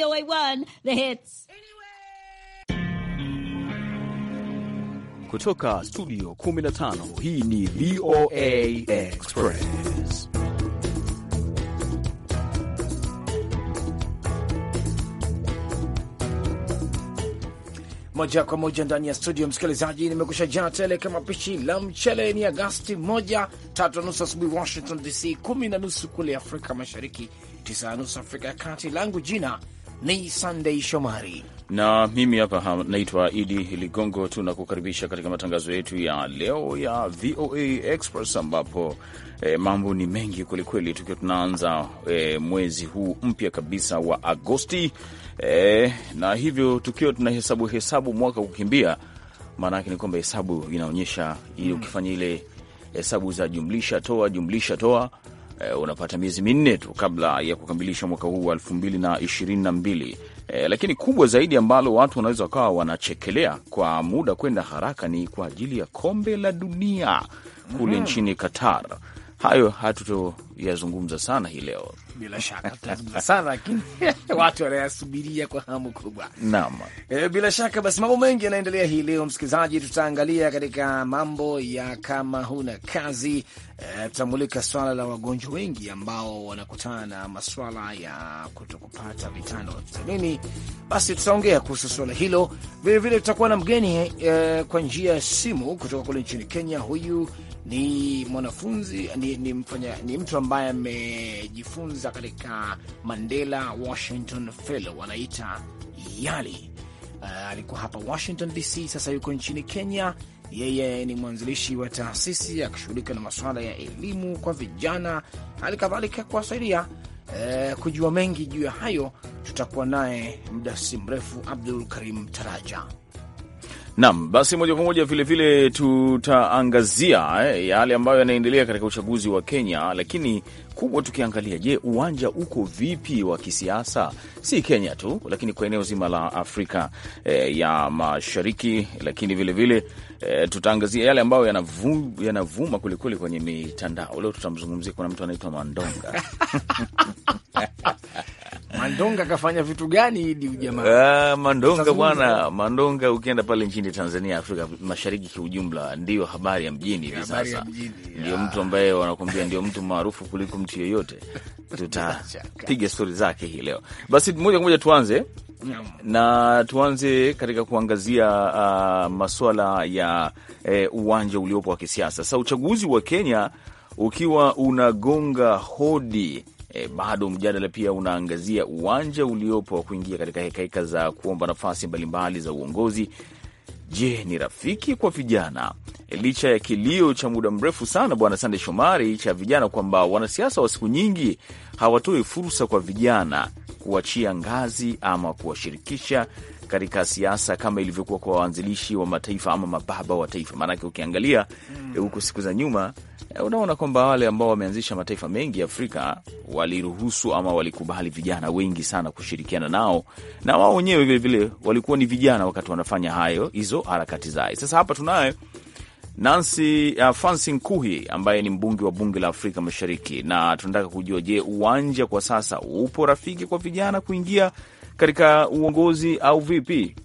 VOA1, the hits. Kutoka studio 15 hii ni VOA Express. Moja kwa moja ndani ya studio, msikilizaji, nimekusha jaa tele kama pishi la mchele. Ni Agasti moja tatu na nusu asubuhi Washington DC, kumi na nusu kule Afrika Mashariki, tisa na nusu Afrika ya Kati. Langu jina ni Sunday Shomari na mimi hapa naitwa Idi Ligongo. Tunakukaribisha katika matangazo yetu ya leo ya VOA Express ambapo eh, mambo ni mengi kwelikweli, tukiwa tunaanza eh, mwezi huu mpya kabisa wa Agosti eh, na hivyo tukiwa tunahesabu hesabu mwaka kukimbia, maana yake ni kwamba hesabu inaonyesha ili hmm. ukifanya ile hesabu za jumlisha toa jumlisha toa eh, unapata miezi minne tu kabla ya kukamilisha mwaka huu wa elfu mbili na ishirini na mbili. Eh, lakini kubwa zaidi ambalo watu wanaweza wakawa wanachekelea kwa muda kwenda haraka ni kwa ajili ya kombe la dunia kule mm -hmm. nchini Qatar. Hayo hatuto yazungumza sana hii leo. Bila shaka tutazungumza sana lakini watu wanayasubiria kwa hamu kubwa. Naam, e, bila shaka basi mambo mengi yanaendelea hii leo, msikilizaji. Tutaangalia katika mambo ya kama huna kazi e, tutamulika swala la wagonjwa wengi ambao wanakutana na maswala ya kutokupata vitanda hospitalini. Basi tutaongea kuhusu swala hilo vilevile. Tutakuwa na mgeni e, kwa njia ya simu kutoka kule nchini Kenya. Huyu ni mwanafunzi ni, ni, mfanya, ni mtu ambaye amejifunza katika Mandela Washington Fellow, wanaita YALI. Uh, alikuwa hapa Washington DC, sasa yuko nchini Kenya. Yeye ni mwanzilishi wa taasisi akishughulika na masuala ya elimu kwa vijana, hali kadhalika kuwasaidia eh, kujua mengi juu ya hayo. Tutakuwa naye muda si mrefu, Abdul Karim Taraja. Naam, basi moja kwa moja vilevile tutaangazia eh, yale ambayo yanaendelea katika uchaguzi wa Kenya, lakini kubwa tukiangalia, je, uwanja uko vipi wa kisiasa, si Kenya tu, lakini kwa eneo zima la Afrika eh, ya Mashariki, lakini vilevile vile, Eh, tutaangazia yale ambayo yanavu, yanavuma kwelikweli kwenye mitandao leo. Tutamzungumzia, kuna mtu anaitwa Mandonga Mandonga kafanya vitu gani hidi jamaa? Uh, Mandonga bwana, Mandonga ukienda pale nchini Tanzania, Afrika Mashariki kiujumla, ndiyo habari ya mjini hivi sasa, ndio mtu ambaye wanakuambia ndio mtu maarufu kuliko mtu yeyote. Tutapiga stori zake hii leo. Basi moja kwa moja tuanze na tuanze katika kuangazia uh, masuala ya eh, uwanja uliopo wa kisiasa sasa. Uchaguzi wa Kenya ukiwa unagonga hodi E, bado mjadala pia unaangazia uwanja uliopo wa kuingia katika hekaheka za kuomba nafasi mbalimbali za uongozi. Je, ni rafiki kwa vijana? Licha ya kilio cha muda mrefu sana, Bwana Sande Shomari, cha vijana kwamba wanasiasa wa siku nyingi hawatoi fursa kwa vijana kuachia ngazi ama kuwashirikisha katika siasa kama ilivyokuwa kwa waanzilishi wa mataifa ama mababa wa taifa. Maanake ukiangalia hmm. huko mm. siku za nyuma eh, unaona kwamba wale ambao wameanzisha mataifa mengi Afrika waliruhusu ama walikubali vijana wengi sana kushirikiana nao, na wao wenyewe vilevile walikuwa ni vijana wakati wanafanya hayo hizo harakati zao. Sasa hapa tunaye Nancy uh, Fansi Nkuhi ambaye ni mbunge wa bunge la Afrika Mashariki, na tunataka kujua, je, uwanja kwa sasa upo rafiki kwa vijana kuingia katika uongozi au vipi?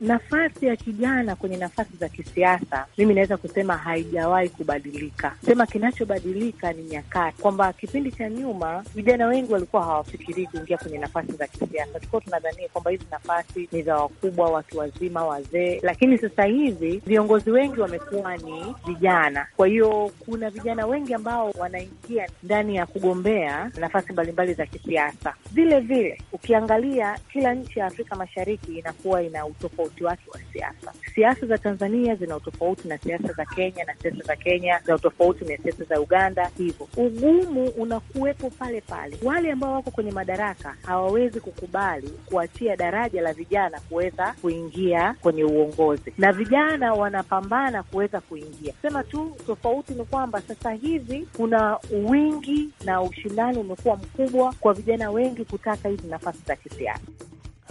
Nafasi ya kijana kwenye nafasi za kisiasa, mimi naweza kusema haijawahi kubadilika. Sema kinachobadilika ni nyakati, kwamba kipindi cha nyuma vijana wengi walikuwa hawafikirii kuingia kwenye nafasi za kisiasa. Tulikuwa tunadhania kwamba hizi nafasi ni za wakubwa, watu wazima, wazee, lakini sasa hivi viongozi wengi wamekuwa ni vijana. Kwa hiyo kuna vijana wengi ambao wanaingia ndani ya kugombea nafasi mbalimbali za kisiasa. Vile vile ukiangalia kila nchi ya Afrika Mashariki inakuwa ina utofauti utofauti wake wa siasa. Siasa za Tanzania zina utofauti na siasa za Kenya, na siasa za Kenya zina utofauti na siasa za Uganda. Hivyo ugumu unakuwepo pale pale. Wale ambao wako kwenye madaraka hawawezi kukubali kuachia daraja la vijana kuweza kuingia kwenye uongozi, na vijana wanapambana kuweza kuingia. Sema tu tofauti ni kwamba sasa hivi kuna wingi na ushindani umekuwa mkubwa kwa vijana wengi kutaka hizi nafasi za kisiasa.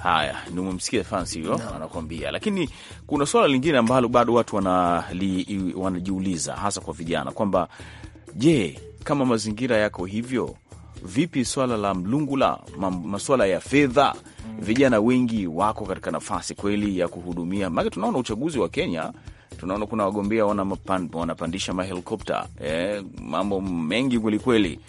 Haya, nimemsikia Fansi huyo no. anakuambia, lakini kuna swala lingine ambalo bado watu wanajiuliza, hasa kwa vijana kwamba je, kama mazingira yako hivyo vipi swala la mlungula, masuala ya fedha? Mm. Vijana wengi wako katika nafasi kweli ya kuhudumia, maake tunaona uchaguzi wa Kenya, tunaona kuna wagombea wanapandisha mahelikopta eh, mambo mengi kwelikweli.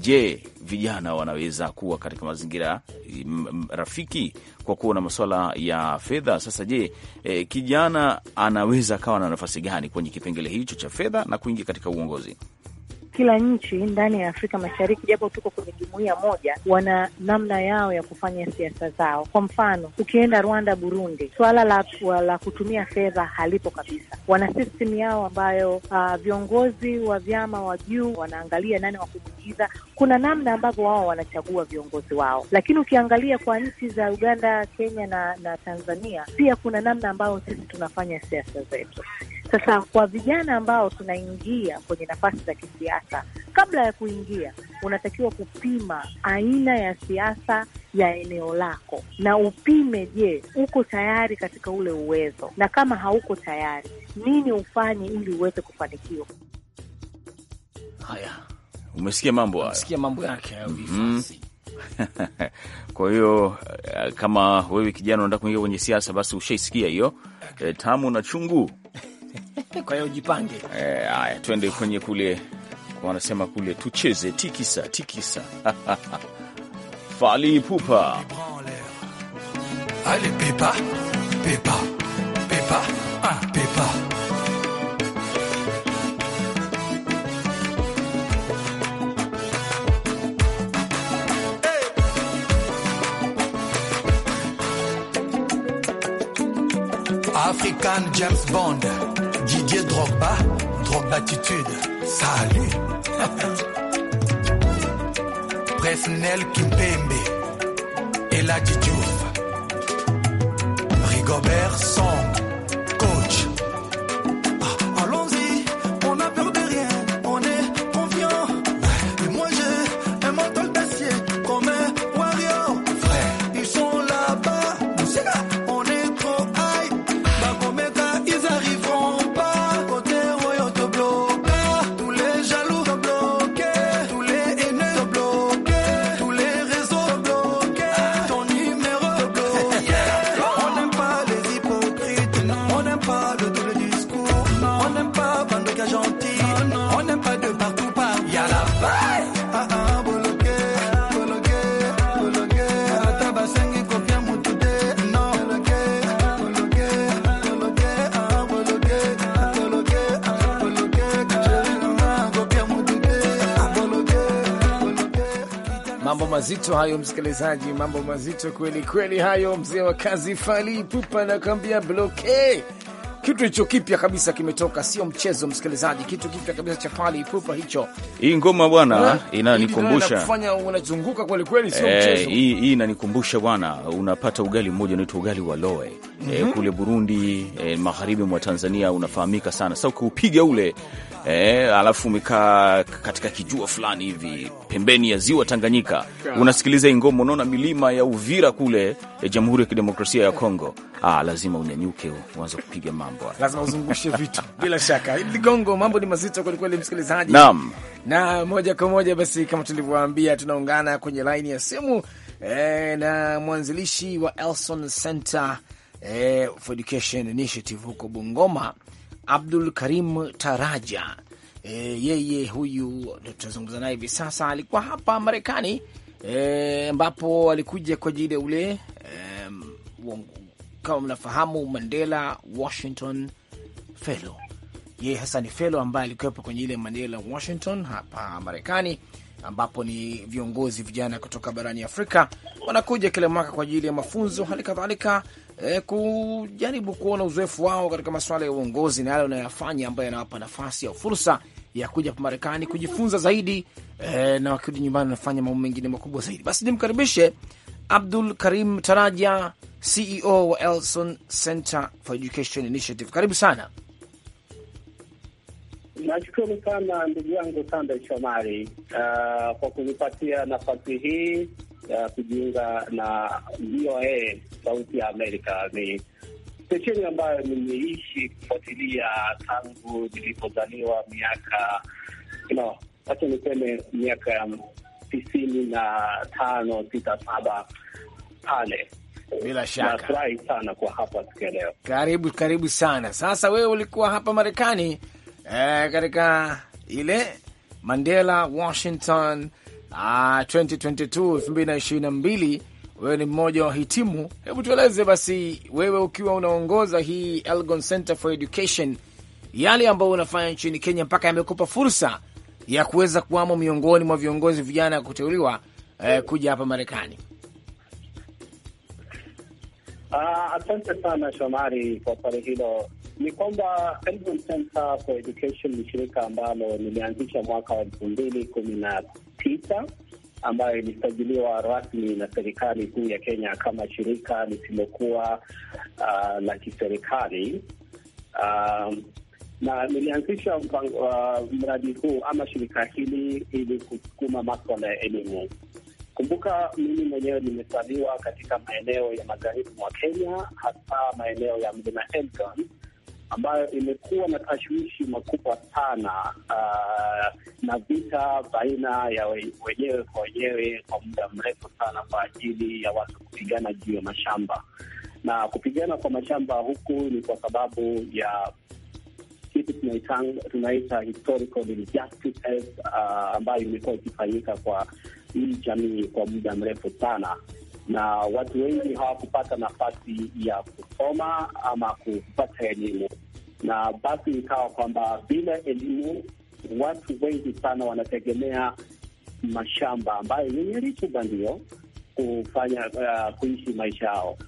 Je, vijana wanaweza kuwa katika mazingira eh, rafiki kwa kuwa na masuala ya fedha? Sasa je, e, kijana anaweza akawa na nafasi gani kwenye kipengele hicho cha fedha na kuingia katika uongozi? kila nchi ndani ya Afrika Mashariki, japo tuko kwenye jumuiya moja, wana namna yao ya kufanya siasa zao. Kwa mfano, ukienda Rwanda, Burundi, suala la, la kutumia fedha halipo kabisa. Wana system yao ambayo uh, viongozi wa vyama wa juu wanaangalia nani wa kumwingiza. Kuna namna ambavyo wao wanachagua viongozi wao, lakini ukiangalia kwa nchi za Uganda, Kenya na, na Tanzania pia kuna namna ambayo sisi tunafanya siasa zetu. Sasa kwa vijana ambao tunaingia kwenye nafasi za kisiasa, kabla ya kuingia, unatakiwa kupima aina ya siasa ya eneo lako na upime, je, uko tayari katika ule uwezo, na kama hauko tayari, nini ufanye ili uweze kufanikiwa. Haya, umesikia mambo haya, umesikia mambo yake hayo mhm. Kwa hiyo eh, kama wewe kijana unataka kuingia kwenye siasa, basi ushaisikia hiyo eh, tamu na chungu kwa hiyo ujipange. Eh, haya, e, twende kwenye kule wanasema kule tucheze tikisa tikisa. Fali Pupa Allez, pepa, pepa, pepa, ah, pepa. Hey. African James Bond Drogba, trop d'attitude, salut. Presnel Kimpembe et la Diouf. Rigobert sans mazito hayo, msikilizaji, mambo mazito kweli kweli hayo. Mzee wa kazi pupa na anakuambia bloke kitu hicho kipya kabisa kimetoka, sio mchezo msikilizaji, kitu kipya kabisa cha pale ipupa hicho. Hii ngoma bwana inanikumbusha kufanya, unazunguka kweli kweli, sio eh, mchezo. Hii inanikumbusha bwana, unapata ugali mmoja unaitwa ugali wa loe mm -hmm. E, kule Burundi e, magharibi mwa Tanzania unafahamika sana. Sasa ukiupiga ule e, alafu umekaa katika kijua fulani hivi pembeni ya ziwa Tanganyika, unasikiliza hii ngoma, unaona milima ya Uvira kule e, Jamhuri ya Kidemokrasia ya Kongo ah, lazima unyanyuke uanze kupiga mambo, lazima uzungushe vitu bila shaka. Ligongo, mambo ni mazito kwelikweli, msikilizaji. Naam, na moja kwa moja basi, kama tulivyowaambia, tunaungana kwenye laini ya simu eh, na mwanzilishi wa Elson Center eh, for Education Initiative huko Bungoma, Abdul Karim Taraja. Eh, yeye huyu tutazungumza naye hivi sasa, alikuwa hapa Marekani eh, ambapo eh, alikuja kwa ajili ya ule eh, kama mnafahamu Mandela Washington Fellow. Yeye hasa ni fellow ambaye alikuwepo kwenye ile Mandela Washington hapa Marekani, ambapo ni viongozi vijana kutoka barani Afrika wanakuja kila mwaka kwa ajili ya mafunzo, hali kadhalika eh, kujaribu kuona uzoefu wao katika masuala ya uongozi na yale wanayoyafanya ambayo yanawapa nafasi au fursa ya kuja hapa Marekani kujifunza zaidi eh, na wakirudi nyumbani wanafanya mambo mengine makubwa zaidi. Basi nimkaribishe Abdul Karim Taraja, CEO wa Elson Center for Education Initiative, karibu sana. Nashukuru sana ndugu yangu Sandey Shomari uh, kwa kunipatia nafasi hii ya uh, kujiunga na VOA Sauti ya Amerika. Ni stesheni ambayo nimeishi kufuatilia tangu nilipozaliwa miaka know, hata niseme miaka tisini na tano sita saba pale. Bila shaka nafurahi sana kwa hapa siku ya leo. Karibu karibu sana. Sasa wewe ulikuwa hapa Marekani eh, katika ile Mandela Washington uh, 2022 2022 wewe ni mmoja wa hitimu. Hebu tueleze basi, wewe ukiwa unaongoza hii Elgon Center for Education, yale ambayo unafanya nchini Kenya mpaka yamekupa fursa ya kuweza kuwamo miongoni mwa viongozi vijana ya kuteuliwa eh, kuja hapa Marekani? Uh, asante sana Shomari kwa swali hilo. Ni kwamba Elgon Center for Education ni shirika ambalo lilianzisha mwaka wa elfu mbili kumi na tisa ambayo ilisajiliwa rasmi na serikali kuu ya Kenya kama shirika lisilokuwa uh, ah, la kiserikali uh, na nilianzisha uh, mradi huu ama shirika hili ili kusukuma maswala ya elimu. Kumbuka mimi mwenyewe nimezaliwa katika maeneo ya magharibi mwa Kenya, hasa maeneo ya mlima Elgon ambayo imekuwa na tashwishi makubwa sana uh, na vita baina ya wenyewe kwa wenyewe kwa muda mrefu sana, kwa ajili ya watu kupigana juu ya mashamba na kupigana kwa mashamba huku ni kwa sababu ya kitu tunaita historical injustice uh, ambayo imekuwa ikifanyika kwa hii jamii kwa muda mrefu sana, na watu wengi hawakupata nafasi ya kusoma ama kupata elimu, na basi ikawa kwamba bila elimu watu wengi sana wanategemea mashamba ambayo yenye rutuba ndio kufanya uh, kuishi maisha yao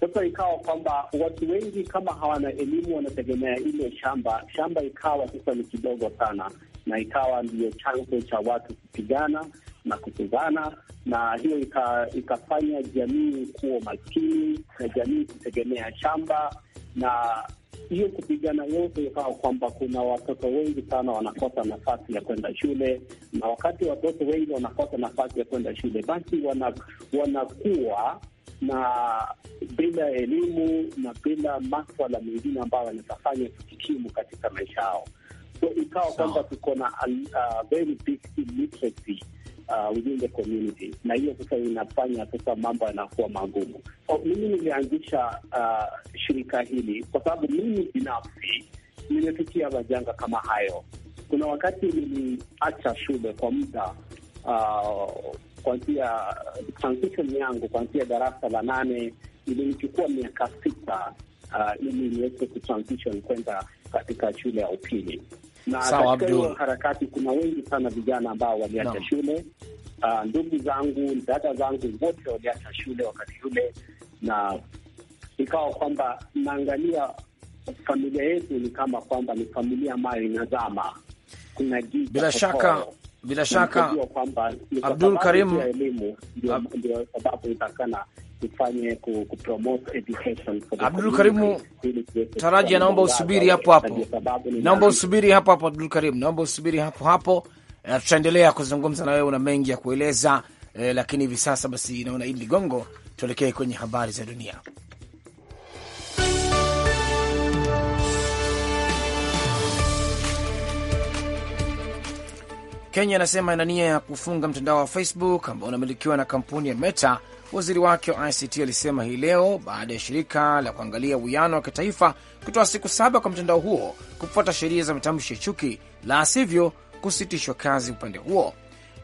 sasa ikawa kwamba watu wengi kama hawana elimu wanategemea ile shamba, shamba ikawa sasa ni kidogo sana, na ikawa ndiyo chanzo cha watu kupigana na kutuzana, na hiyo ika, ikafanya jamii kuwa maskini na jamii kutegemea shamba, na hiyo kupigana yote ikawa kwamba kuna watoto wengi sana wanakosa nafasi ya kwenda shule, na wakati watoto wengi wanakosa nafasi ya kwenda shule, basi wanakuwa na bila elimu na bila maswala mengine ambayo yanatafanya kujikimu katika maisha yao. So ikawa kwamba tuko na uh, very big illiteracy uh, within the community, na hiyo sasa inafanya sasa mambo yanakuwa magumu. So mimi nilianzisha uh, shirika hili kwa sababu mimi binafsi nimepitia majanga kama hayo. Kuna wakati niliacha shule kwa muda uh, kuanzia transition yangu kuanzia darasa la nane ilinichukua miaka sita uh, ili niweze kutransition kwenda katika shule ya upili, na katika hiyo harakati kuna wengi sana vijana ambao waliacha no. shule uh, ndugu zangu, dada zangu wote waliacha shule wakati yule, na ikawa kwamba naangalia familia yetu ni kama kwamba ni familia ambayo inazama. Kuna bila shaka koro bila shaka kwamba Abdul Karim, Abdul Karim. Taraji anaomba usubiri hapo hapo, naomba usubiri hapo hapo. Abdul Karim, naomba usubiri hapo hapo, na eh, tutaendelea kuzungumza na wewe, una mengi ya kueleza eh, lakini hivi sasa basi naona ili Ligongo, tuelekee kwenye habari za dunia. Kenya inasema ina nia ya kufunga mtandao wa Facebook ambao unamilikiwa na kampuni ya Meta. Waziri wake wa ICT alisema hii leo baada ya shirika la kuangalia uwiano wa kitaifa kutoa siku saba kwa mtandao huo kufuata sheria za matamshi ya chuki, la sivyo kusitishwa kazi upande huo.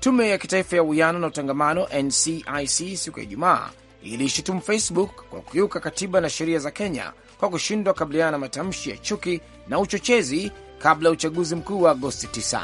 Tume ya kitaifa ya uwiano na utangamano NCIC siku ya Ijumaa ilishutumu Facebook kwa kukiuka katiba na sheria za Kenya kwa kushindwa kabiliana na matamshi ya chuki na uchochezi kabla ya uchaguzi mkuu wa Agosti 9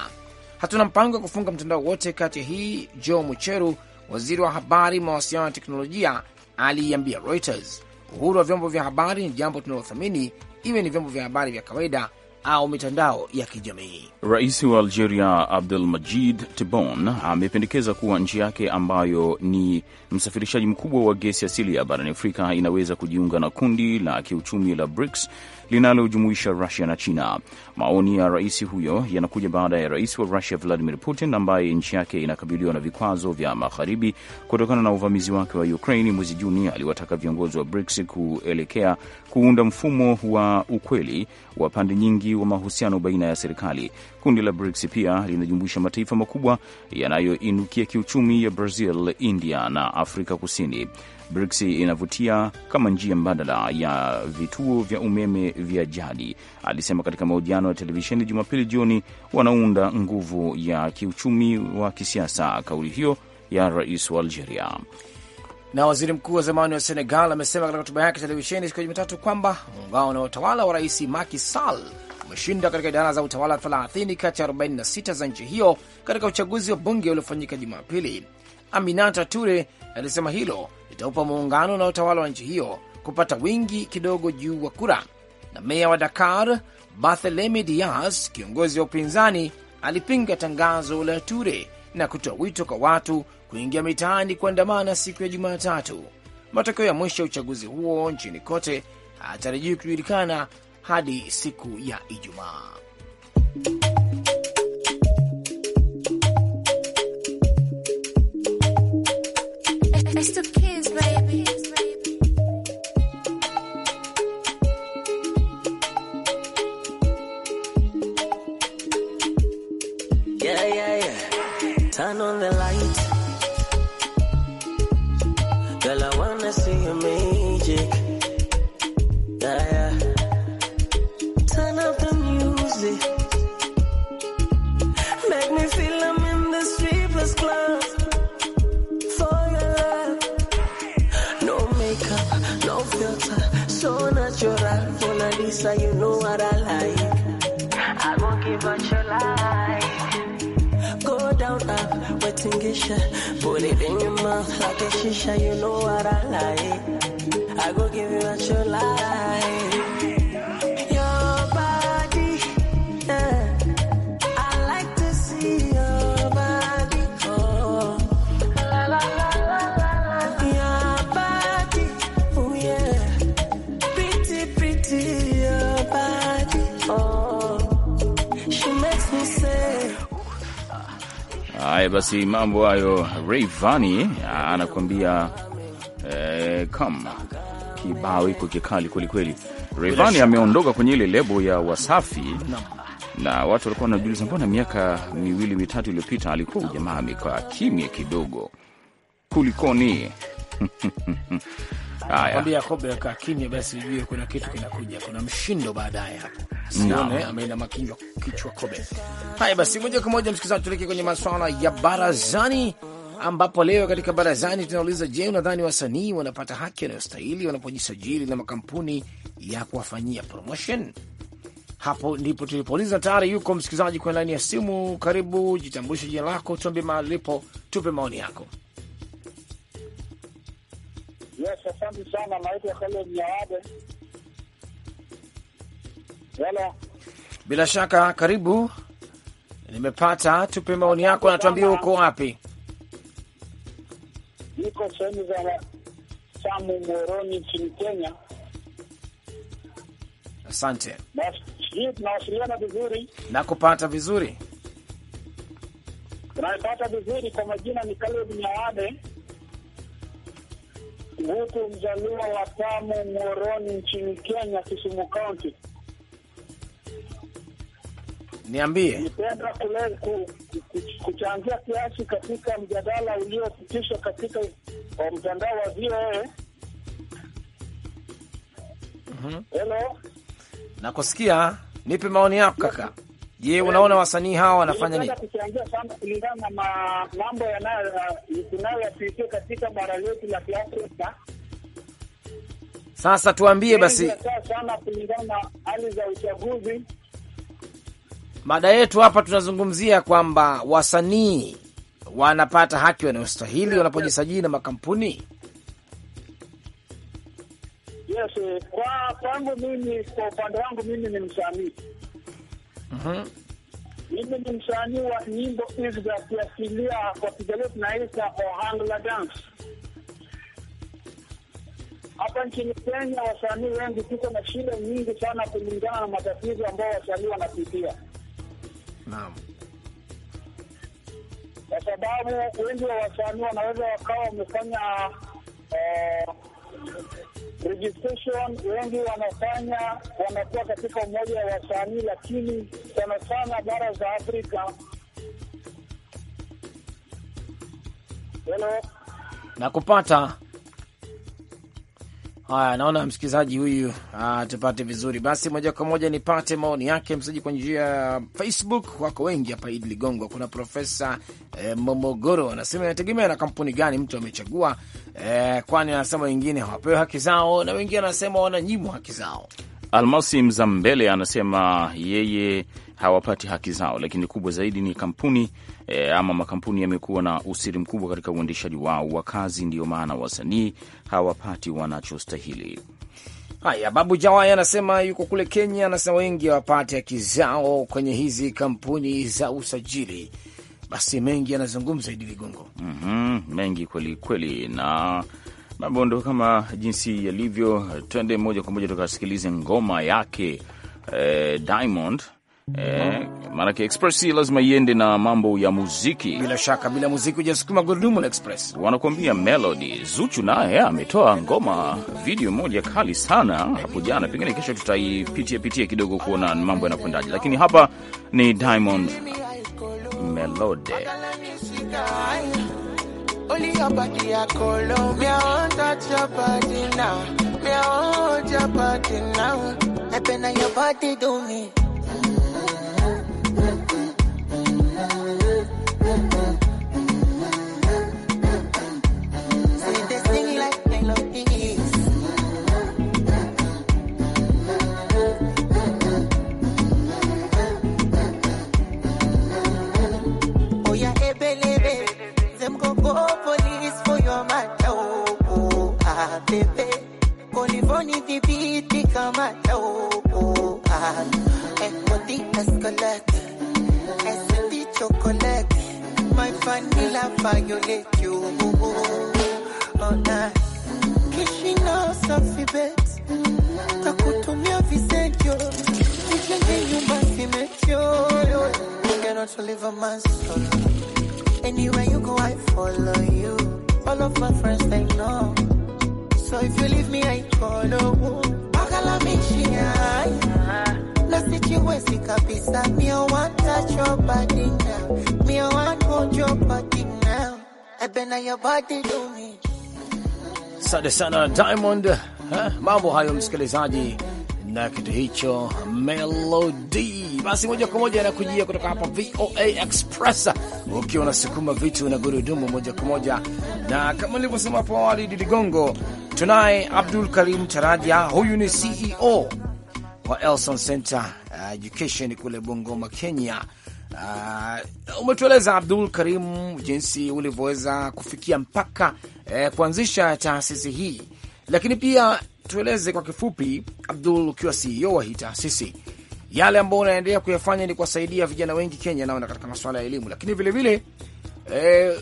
hatuna mpango wa kufunga mtandao wote kati ya hii. Joe Mucheru, waziri wa habari, mawasiliano na teknolojia, aliiambia Reuters uhuru wa vyombo vya habari ni jambo tunalothamini, iwe ni vyombo vya habari vya kawaida au mitandao ya kijamii. Rais wa Algeria majid tibon amependekeza kuwa nchi yake ambayo ni msafirishaji mkubwa wa gesi asili ya barani Afrika inaweza kujiunga na kundi la kiuchumi la BRICS linalojumuisha Rusia na China. Maoni ya rais huyo yanakuja baada ya rais wa Rusia Vladimir Putin, ambaye nchi yake inakabiliwa na vikwazo vya magharibi kutokana na uvamizi wake wa Ukraini mwezi Juni, aliwataka viongozi wa BRICS kuelekea kuunda mfumo wa ukweli wa pande nyingi wa mahusiano baina ya serikali. Kundi la BRICS pia linajumuisha mataifa makubwa yanayoinukia kiuchumi ya Brazil, India na Afrika Kusini. BRICS inavutia kama njia mbadala ya vituo vya umeme vya jadi, alisema katika mahojiano ya televisheni Jumapili jioni. Wanaunda nguvu ya kiuchumi wa kisiasa, kauli hiyo ya rais wa Algeria. Na waziri mkuu wa zamani wa Senegal amesema katika hotuba yake televisheni siku ya Jumatatu kwamba muungano na utawala wa rais Macky Sall umeshinda katika idara za utawala 30 kati ya 46 za nchi hiyo katika uchaguzi wa bunge uliofanyika Jumapili. Aminata Ture alisema hilo itaupa muungano na utawala wa nchi hiyo kupata wingi kidogo juu wa kura. Na meya wa Dakar Barthelemy Dias, kiongozi wa upinzani, alipinga tangazo la Ture na kutoa wito kwa watu kuingia mitaani kuandamana siku ya Jumatatu. Matokeo ya mwisho ya uchaguzi huo nchini kote hayatarajiwi kujulikana hadi siku ya Ijumaa. Mr. Kids, kiss, baby. Haya basi, mambo hayo, Rayvanny anakuambia eh, kibao iko kikali kwelikweli. Rayvanny ameondoka kwenye ile lebo ya Wasafi na watu walikuwa wanajiuliza mbona miaka miwili mitatu iliyopita alikuwa ujamaa amekaa kimya kidogo, kulikoni? Kwambia Kobe akaa kimya, basi ujue kuna kitu kinakuja, kuna mshindo baadaye hapo. Sione ameinama kinywa kichwa Kobe. Haya basi, moja kwa moja msikilizaji, tuleke kwenye masuala ya barazani, ambapo leo katika barazani tunauliza, je, unadhani wasanii wanapata haki wanayostahili wanapojisajili na makampuni ya kuwafanyia promotion? Hapo ndipo tulipouliza. Tayari yuko msikilizaji kwenye laini ya simu. Karibu, jitambulishe jina lako, tuambie mahali ulipo, tupe maoni yako. kambi sana, naitwa Kaleb Nyawade. Halo, bila shaka karibu, nimepata. Tupe maoni yako, natuambia uko wapi? Niko sehemu za Samu, Moroni, nchini Kenya. Asante, sijui tunawasiliana vizuri na kupata vizuri, tunapata vizuri. Kwa majina ni Kaleb Nyawade huku mzaliwa wa Tamu moroni nchini Kenya, Kisumu County. Niambie, nipenda kuchangia kiasi katika mjadala uliopitishwa katika mtandao wa VOA. Mhm. Hello, nakusikia. Nipe maoni yako kaka. Je, unaona wasanii hawa wanafanya nini kuchangia sana kulingana na mambo uh, tunayoyapitia katika bara letu la Kiafrika? Sasa tuambie basi sana kulingana na hali za uchaguzi. Mada yetu hapa tunazungumzia kwamba wasanii wanapata haki wanayostahili wanapojisajili na makampuni. Yes, eh, kwa kwangu mimi, kwa upande wangu mimi ni msanii Mhm. Mimi ni msanii wa nyimbo hizi za kiasilia kwa Kijaluo tunaita Ohangla dance. Hapa nchini Kenya wasanii wengi, tuko na shida nyingi sana kulingana na matatizo ambayo wasanii wanapitia. Naam, kwa sababu wengi wa wasanii wanaweza wakawa wamefanya eh, registration wengi wanafanya wanakuwa katika umoja wa wasanii, lakini sana sana bara za Afrika. Hello, nakupata Haya, naona msikilizaji huyu ah, tupate vizuri basi, moja kwa moja nipate maoni yake msikilizaji kwa njia ya Facebook. Wako wengi hapa, Idi Ligongo. Kuna Profesa eh, Momogoro anasema inategemea na kampuni gani mtu amechagua, eh, kwani anasema wengine hawapewe haki zao na wengine anasema wananyimwa haki zao. Almasi Mzambele anasema yeye hawapati haki zao, lakini kubwa zaidi ni kampuni e, ama makampuni yamekuwa na usiri mkubwa katika uendeshaji wao wa kazi, ndiyo maana wasanii hawapati wanachostahili. Haya, Babu Jawai anasema yuko kule Kenya, anasema wengi hawapati haki zao kwenye hizi kampuni za usajili. Basi mengi yanazungumza Idi Ligongo. mm -hmm, mengi kweli kweli, na mambo ndo kama jinsi yalivyo. Twende moja kwa moja tukasikilize ngoma yake eh, Diamond Eh, maanake Express lazima iende na mambo ya muziki. Bila shaka, bila muziki hujasukuma gurudumu la Express. Wanakuambia melody. Zuchu naye ametoa ngoma video moja kali sana hapo jana, pengine kesho tutaipitia pitia kidogo kuona mambo yanakwendaje, lakini hapa ni Diamond Melody Asante sana Diamond, mambo hayo msikilizaji, na kitu hicho melodi. Basi moja kwa moja anakujia kutoka hapa VOA Express, ukiwa unasukuma vitu na gurudumu moja kwa moja, na kama nilivyosema hapo awali, Didigongo, tunaye Abdul Karim taraja huyu ni CEO wa Elson Center Education kule Bungoma, Kenya. Uh, umetueleza Abdul Karim jinsi ulivyoweza kufikia mpaka eh, kuanzisha taasisi hii, lakini pia tueleze kwa kifupi, Abdul, ukiwa CEO wa hii taasisi, yale ambayo unaendelea kuyafanya ni kuwasaidia vijana wengi Kenya naona katika masuala ya elimu, lakini vilevile eh,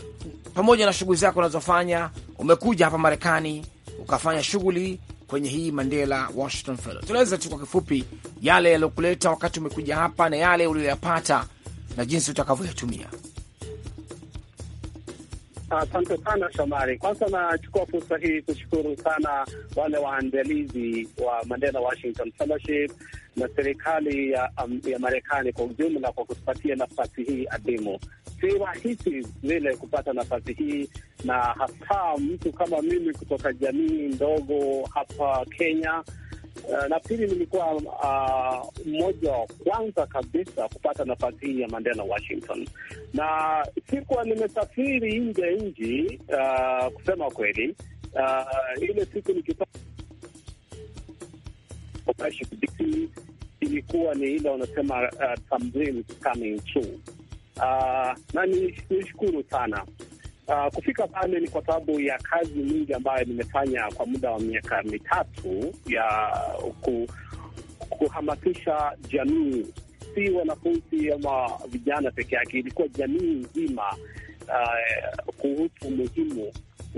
pamoja na shughuli zako unazofanya, umekuja hapa Marekani ukafanya shughuli kwenye hii Mandela Washington Fellow. Tueleze tu kwa kifupi yale yaliyokuleta wakati umekuja hapa na yale uliyoyapata na jinsi utakavyoyatumia. Asante sana Shomari. Kwanza nachukua fursa hii kushukuru sana wale waandalizi wa Mandela Washington Fellowship na serikali ya, um, ya Marekani kwa ujumla kwa kutupatia nafasi hii adimu. Si rahisi vile kupata nafasi hii, na hasa mtu kama mimi kutoka jamii ndogo hapa Kenya Uh, pili nilikuwa uh, mmoja wa kwanza kabisa kupata nafasi hii ya Mandela Washington, na sikuwa nimesafiri nje ya nji uh, ah, kusema kweli uh, ile siku nikipata ilikuwa ni ile wanasema uh, uh, na nishukuru sana Uh, kufika pale ni kwa sababu ya kazi nyingi ambayo nimefanya kwa muda wa miaka mitatu ya ku, kuhamasisha jamii, si wanafunzi ama vijana peke yake, ilikuwa jamii nzima uh, kuhusu umuhimu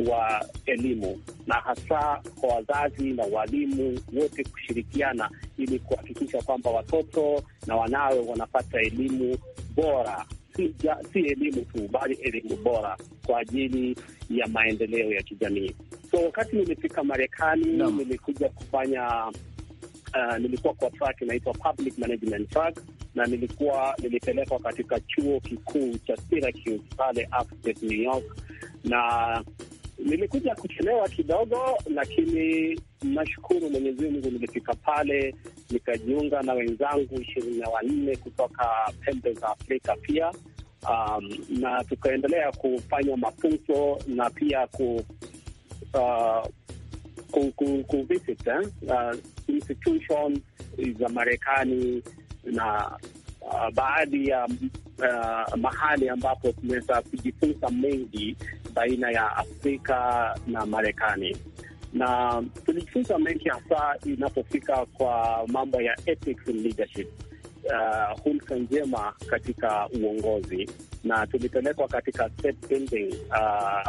wa elimu na hasa kwa wazazi na walimu wote kushirikiana ili kuhakikisha kwamba watoto na wanawe wanapata elimu bora si, ja, si elimu tu, bali elimu bora kwa ajili ya maendeleo ya kijamii. So wakati nilifika Marekani no. nilikuja kufanya Uh, nilikuwa kwa track inaitwa public management track, na nilikuwa nilipelekwa katika chuo kikuu cha Syracuse pale upstate New York, na Nilikuja kuchelewa kidogo, lakini nashukuru Mwenyezi Mungu nilifika pale, nikajiunga na wenzangu ishirini na wanne kutoka pembe za Afrika pia um, na tukaendelea kufanywa mafunzo na pia ku uh, ku, ku, ku visit, eh, uh, institution za Marekani na uh, baadhi ya uh, mahali ambapo tumeweza kujifunza mengi baina ya Afrika na Marekani, na tulijifunza mengi hasa inapofika kwa mambo ya ethics in leadership, uh, hulka njema katika uongozi, na tulipelekwa katika state building uh,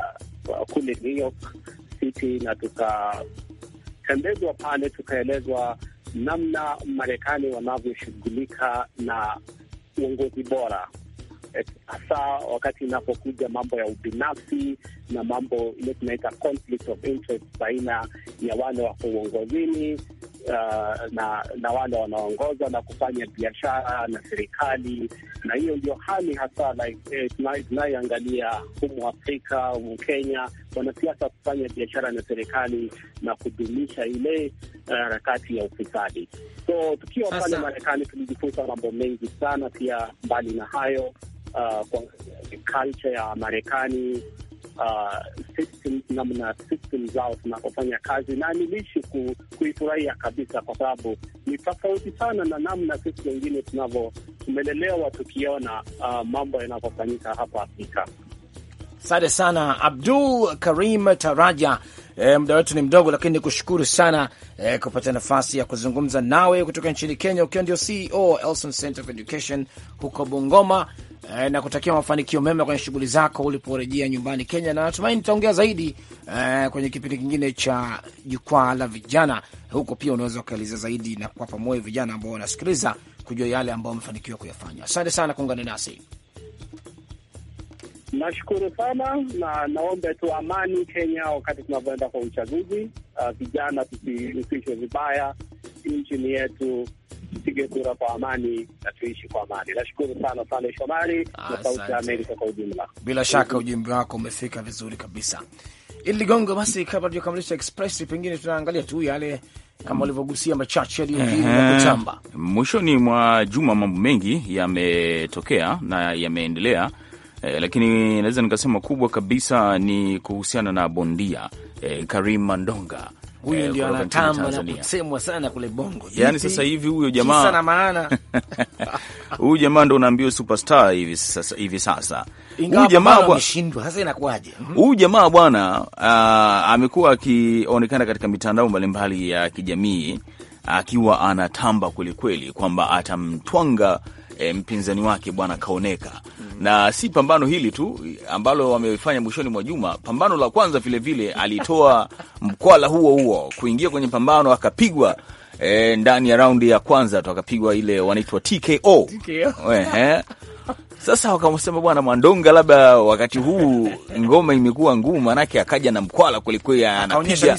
kule New York City na tukatembezwa pale, tukaelezwa namna Marekani wanavyoshughulika na uongozi bora Eh, hasa wakati inapokuja mambo ya ubinafsi na mambo ile tunaita conflict of interest baina ya wale wako uongozini Uh, na na wale wanaongoza na kufanya biashara na serikali, na hiyo ndio hali hasa like, eh, humu Afrika humu Kenya, wanasiasa kufanya biashara na serikali na kudumisha ile eh, harakati uh, ya ufisadi. So tukiwa pale Marekani tulijifunza mambo mengi sana pia. Mbali na hayo uh, kwa culture ya Marekani uh, system, namna system zao zinapofanya kazi, na nilishi ku, kuifurahia kabisa, kwa sababu ni tofauti sana na namna sisi wengine tunavyo tumelelewa tukiona uh, mambo yanavyofanyika hapa Afrika. Asante sana Abdul Karim Taraja. E, muda wetu ni mdogo, lakini ni kushukuru sana e, kupata nafasi ya kuzungumza nawe kutoka nchini Kenya, ukiwa ndio CEO Elson Center of Education huko Bungoma eh, na kutakia mafanikio mema kwenye shughuli zako uliporejea nyumbani Kenya, na natumaini nitaongea zaidi eh, kwenye kipindi kingine cha jukwaa la vijana. Huko pia unaweza ukaeleza zaidi na kuwapa moyo vijana ambao wanasikiliza kujua yale ambao wamefanikiwa kuyafanya. Asante sana kuungana nasi. Nashukuru sana na naombe tu amani Kenya wakati tunavyoenda kwa uchaguzi. Uh, vijana tusihusishwe vibaya, nchi yetu tupige kura kwa amani na tuishi kwa amani. Nashukuru sana sana Shomari na Sauti ya Amerika kwa ujumla. Bila shaka ujumbe wako umefika vizuri kabisa, ili Ligongo. Basi kabla tujakamilisha Express, pengine tunaangalia tu yale kama walivyogusia machache yaliyojiri na kutamba mwishoni mwa juma. Mambo mengi yametokea na yameendelea eh, lakini naweza nikasema kubwa kabisa ni kuhusiana na bondia eh, Karim Mandonga huyo eh, ndio anatamba na kusemwa sana kule Bongo. Yani sasa hivi huyo jamaa sana maana huyu jamaa ndo unaambiwa superstar hivi sasa, hivi sasa mhm. huyu jamaa bwana ameshindwa sasa, inakuaje? Huyu jamaa bwana amekuwa akionekana katika mitandao mbalimbali ya kijamii akiwa anatamba kwelikweli kwamba atamtwanga e, mpinzani wake bwana kaoneka mm. -hmm. Na si pambano hili tu ambalo wamefanya mwishoni mwa juma, pambano la kwanza vilevile alitoa mkwala huo huo kuingia kwenye pambano akapigwa e, ndani ya raundi ya kwanza tu akapigwa ile wanaitwa TKO, TKO. Ehe. Sasa wakamsema bwana Mwandonga, labda wakati huu ngoma imekuwa ngumu, manake akaja na mkwala kwelikweli, anapiga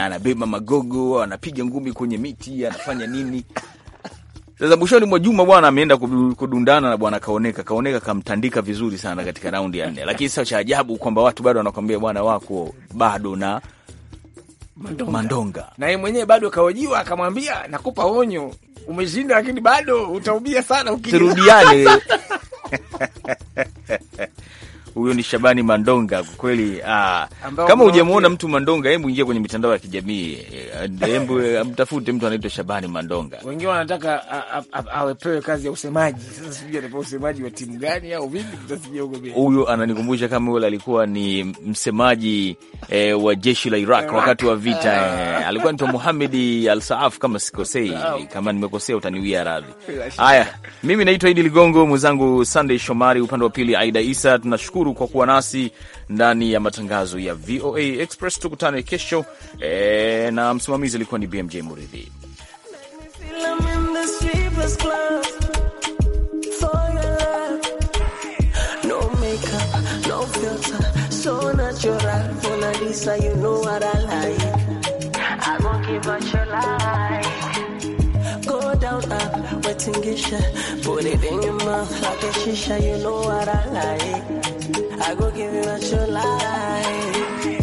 anabeba magogo, anapiga ngumi kwenye miti, anafanya nini sasa mwishoni mwa juma bwana ameenda kudundana na bwana Kaoneka. Kaoneka kamtandika vizuri sana katika raundi ya nne, lakini sasa cha ajabu kwamba watu bado wanakwambia bwana wako bado na Mandonga, Mandonga. Na yeye mwenyewe bado kaojiwa, akamwambia nakupa onyo, umeshinda lakini bado utaubia sana ukirudiane Huyo ni Shabani Mandonga kwa kweli. Ah, kama hujamuona mtu Mandonga, hebu ingia kwenye mitandao ya kijamii, eh, eh, hebu eh, mtafute mtu anaitwa Shabani Mandonga. Wengine wanataka awepewe kazi ya usemaji. Sasa sijui atapewa usemaji wa timu gani au vipi, tutasikia huko mbele. Huyo ananikumbusha kama yule alikuwa ni msemaji eh, wa jeshi la Iraq wakati wa vita ah. eh, alikuwa anaitwa Muhamedi Al Saaf kama sikosei. Ah, kama nimekosea utaniwia radhi. Haya, mimi naitwa Idi Ligongo, mwenzangu Sunday Shomari, upande wa pili Aida Isa. Tunashukuru kushukuru kwa kuwa nasi ndani ya matangazo ya VOA Express. Tukutane kesho e, na msimamizi alikuwa ni BMJ Muridhi tingisha. Put it in your mouth like a shisha. You know what I like. I go give you what you like.